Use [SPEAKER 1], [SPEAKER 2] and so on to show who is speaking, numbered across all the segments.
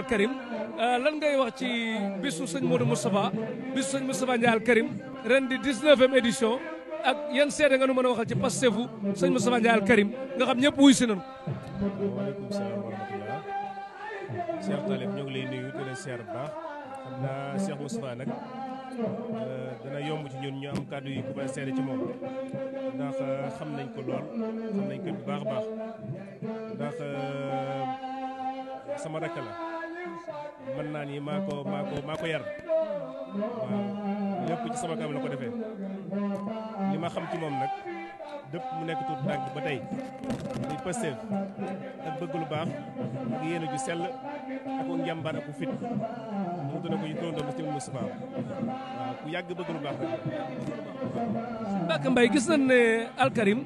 [SPEAKER 1] Ndiaye Al euh, lan ngay wax ci bisu sëñ Modou Moustapha bisu sëñ Moustapha Ndiaye Al Karim ren di 19e édition ak yan seede nga nu mën a waxal ci Pastefu sëñ Moustapha Ndiaye Al
[SPEAKER 2] Karim nga xam ñëpp wuy si nañu. waaleykum salaam wa rahmatulah. Cheikh Talib ñu ngi lay nuyu di la seer bu baax xam euh, dana yomb ci ñun ñu am kàddu yi ku may nañ ko lool xam nañ ko bu baax a baax ndax euh, sama rakk la. mën naa ni maa ko maa ko yar
[SPEAKER 1] waaw
[SPEAKER 2] lépp ci sama kam la ko defee ma xam ci moom nag dëpp mu nekk tuut ba tey muy pësteef ak bëgg baax ak yéene ju ak ko ak ko fit mu dana ko yi tóndoo mu ci Moustapha ku yàgg bëgg lu baax rek Mbacke Mbaye gis na ne Alkarim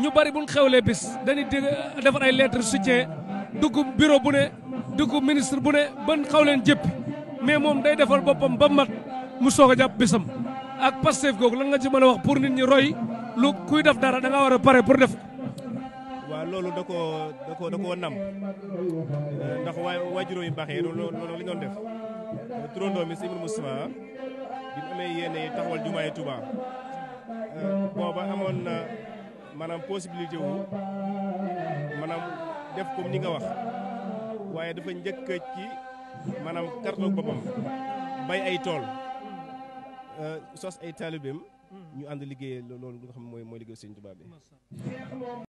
[SPEAKER 2] ñu bari
[SPEAKER 1] buñ xewlee bis dañuy dégg defar ay lettre soutien dugg bureau bu ne dugg ministre bu ne ban xaw leen jëppi mais moom day defal boppam ba mat mu soog a jàpp bésam ak Pastef googu lan nga ci mën a wax pour nit ñi roy lu kuy def dara danga war a pare pour def
[SPEAKER 2] waaw loolu da koo koo da koo nam eh, ndax waay waajuró yu baax yi loolu la doon def turandoo mi si Ibra Moustapha bi mu amee yéene taxawal jumaay Touba eh, booba amoon na maanaam possibilité wu maanaam def comme ni nga wax waaye dafa njëkk ci maanaam kartoog boppam bay ay tool euh, sos ay taalibeem ñu ànd liggéey loolu nga xam mooy mooy liggéey Sëñ Tuubaa bi